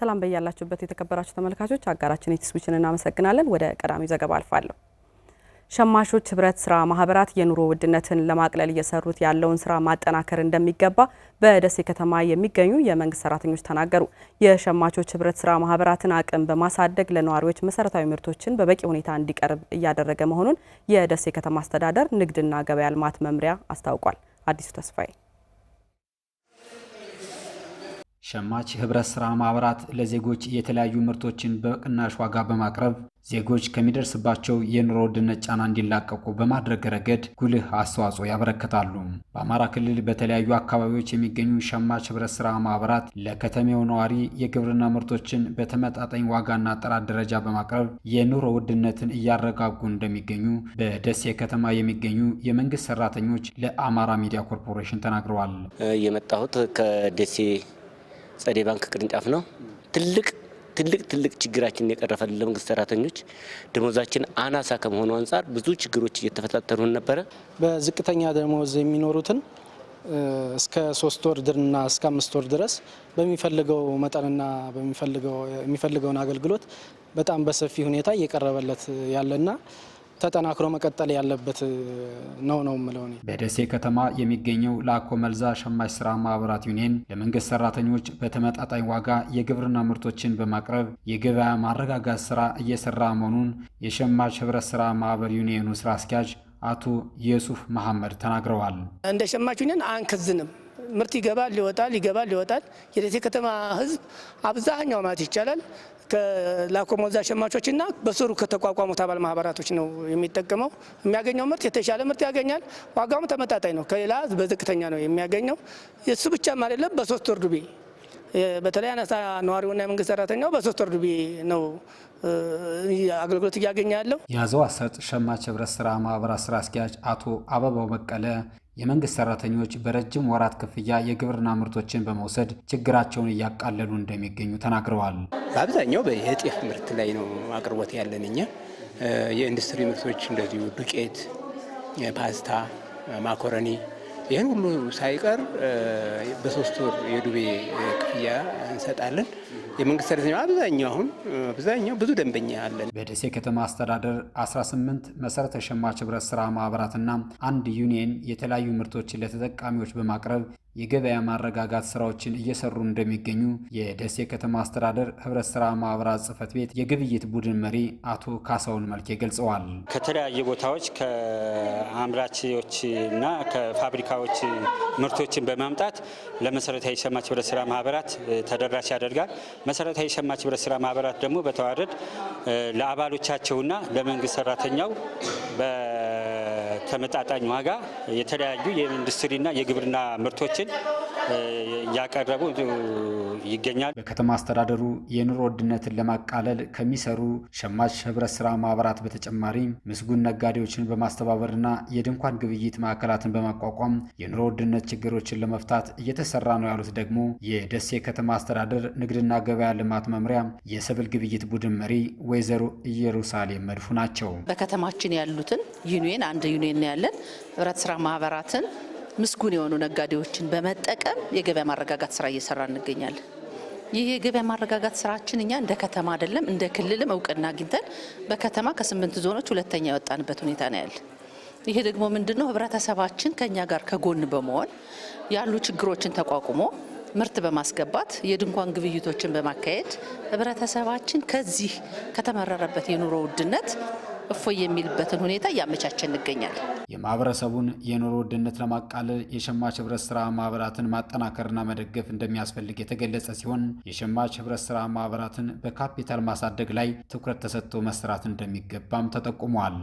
ሰላም በያላችሁበት የተከበራችሁ ተመልካቾች፣ አጋራችን ኢቲስዊችን እናመሰግናለን። ወደ ቀዳሚው ዘገባ አልፋለሁ። ሸማቾች ህብረት ስራ ማህበራት የኑሮ ውድነትን ለማቅለል እየሰሩት ያለውን ስራ ማጠናከር እንደሚገባ በደሴ ከተማ የሚገኙ የመንግስት ሰራተኞች ተናገሩ። የሸማቾች ህብረት ስራ ማህበራትን አቅም በማሳደግ ለነዋሪዎች መሰረታዊ ምርቶችን በበቂ ሁኔታ እንዲቀርብ እያደረገ መሆኑን የደሴ ከተማ አስተዳደር ንግድና ገበያ ልማት መምሪያ አስታውቋል። አዲሱ ተስፋዬ ሸማች ህብረት ስራ ማብራት ለዜጎች የተለያዩ ምርቶችን በቅናሽ ዋጋ በማቅረብ ዜጎች ከሚደርስባቸው የኑሮ ውድነት ጫና እንዲላቀቁ በማድረግ ረገድ ጉልህ አስተዋጽኦ ያበረክታሉ። በአማራ ክልል በተለያዩ አካባቢዎች የሚገኙ ሸማች ህብረት ስራ ማብራት ለከተሜው ነዋሪ የግብርና ምርቶችን በተመጣጣኝ ዋጋና ጥራት ደረጃ በማቅረብ የኑሮ ውድነትን እያረጋጉ እንደሚገኙ በደሴ ከተማ የሚገኙ የመንግስት ሰራተኞች ለአማራ ሚዲያ ኮርፖሬሽን ተናግረዋል። የመጣሁት ከደሴ ጸደይ ባንክ ቅርንጫፍ ነው። ትልቅ ትልቅ ትልቅ ችግራችንን የቀረፈልን ለመንግስት ሰራተኞች ደሞዛችን አናሳ ከመሆኑ አንጻር ብዙ ችግሮች እየተፈታተሩን ነበረ። በዝቅተኛ ደሞዝ የሚኖሩትን እስከ ሶስት ወር ድርና እስከ አምስት ወር ድረስ በሚፈልገው መጠንና የሚፈልገውን አገልግሎት በጣም በሰፊ ሁኔታ እየቀረበለት ያለና ተጠናክሮ መቀጠል ያለበት ነው ነው የምለው። በደሴ ከተማ የሚገኘው ላኮ መልዛ ሸማች ስራ ማህበራት ዩኒየን ለመንግስት ሰራተኞች በተመጣጣኝ ዋጋ የግብርና ምርቶችን በማቅረብ የገበያ ማረጋጋት ስራ እየሰራ መሆኑን የሸማች ህብረት ስራ ማህበር ዩኒየኑ ስራ አስኪያጅ አቶ የሱፍ መሐመድ ተናግረዋል። እንደ ሸማች ዩኒየን አንከዝንም። ምርት ይገባል፣ ይወጣል፣ ይገባል፣ ይወጣል። የደሴ ከተማ ህዝብ አብዛኛው ማለት ይቻላል ከላኮሞዛ ሸማቾችና በስሩ ከተቋቋሙት አባል ማህበራቶች ነው የሚጠቀመው። የሚያገኘው ምርት የተሻለ ምርት ያገኛል። ዋጋውም ተመጣጣኝ ነው፣ ከሌላ በዝቅተኛ ነው የሚያገኘው። የእሱ ብቻም አይደለም፣ በሶስት ወር ዱቤ በተለይ አነሳ ነዋሪውና የመንግስት ሰራተኛው በሶስት ወር ዱቤ ነው አገልግሎት እያገኘ ያለው። የአዘዋ ሰጥ ሸማች ህብረት ስራ ማህበራት ስራ አስኪያጅ አቶ አበባው በቀለ የመንግስት ሰራተኞች በረጅም ወራት ክፍያ የግብርና ምርቶችን በመውሰድ ችግራቸውን እያቃለሉ እንደሚገኙ ተናግረዋል። በአብዛኛው የጤፍ ምርት ላይ ነው አቅርቦት ያለን እኛ። የኢንዱስትሪ ምርቶች እንደዚሁ ዱቄት፣ ፓስታ፣ ማኮረኒ ይህን ሁሉ ሳይቀር በሶስት ወር የዱቤ ክፍያ እንሰጣለን። የመንግስት ሰራተኛ አብዛኛው አሁን አብዛኛው ብዙ ደንበኛ አለን። በደሴ ከተማ አስተዳደር 18 መሰረተ ሸማች ህብረት ስራ ማህበራትና አንድ ዩኒየን የተለያዩ ምርቶችን ለተጠቃሚዎች በማቅረብ የገበያ ማረጋጋት ስራዎችን እየሰሩ እንደሚገኙ የደሴ ከተማ አስተዳደር ህብረት ስራ ማህበራት ጽህፈት ቤት የግብይት ቡድን መሪ አቶ ካሳውን መልኬ ገልጸዋል። ከተለያዩ ቦታዎች ከአምራቾች ከፋብሪካዎች ምርቶችን በማምጣት ለመሰረታዊ ሸማች ህብረት ስራ ማህበራት ተደራሽ ያደርጋል። መሰረታዊ ሸማች ህብረት ስራ ማህበራት ደግሞ በተዋረድ ለአባሎቻቸውና ለመንግስት ሰራተኛው ተመጣጣኝ ዋጋ የተለያዩ የኢንዱስትሪና የግብርና ምርቶችን እያቀረቡ ይገኛል። በከተማ አስተዳደሩ የኑሮ ውድነትን ለማቃለል ከሚሰሩ ሸማች ህብረት ስራ ማህበራት በተጨማሪ ምስጉን ነጋዴዎችን በማስተባበርና የድንኳን ግብይት ማዕከላትን በማቋቋም የኑሮ ውድነት ችግሮችን ለመፍታት እየተሰራ ነው ያሉት ደግሞ የደሴ ከተማ አስተዳደር ንግድና ገበያ ልማት መምሪያ የሰብል ግብይት ቡድን መሪ ወይዘሮ ኢየሩሳሌም መድፉ ናቸው። በከተማችን ያሉትን ዩኒየን አንድ ዩኒየን ያለን ህብረት ስራ ማህበራትን ምስጉን የሆኑ ነጋዴዎችን በመጠቀም የገበያ ማረጋጋት ስራ እየሰራ እንገኛለን። ይህ የገበያ ማረጋጋት ስራችን እኛ እንደ ከተማ አይደለም እንደ ክልልም እውቅና አግኝተን በከተማ ከስምንት ዞኖች ሁለተኛ የወጣንበት ሁኔታ ነው ያለ። ይሄ ደግሞ ምንድን ነው? ህብረተሰባችን ከእኛ ጋር ከጎን በመሆን ያሉ ችግሮችን ተቋቁሞ ምርት በማስገባት የድንኳን ግብይቶችን በማካሄድ ህብረተሰባችን ከዚህ ከተመረረበት የኑሮ ውድነት እፎይ የሚልበትን ሁኔታ እያመቻቸን እንገኛል። የማህበረሰቡን የኑሮ ውድነት ለማቃለል የሸማች ህብረት ስራ ማህበራትን ማጠናከርና መደገፍ እንደሚያስፈልግ የተገለጸ ሲሆን የሸማች ህብረት ስራ ማህበራትን በካፒታል ማሳደግ ላይ ትኩረት ተሰጥቶ መስራት እንደሚገባም ተጠቁሟል።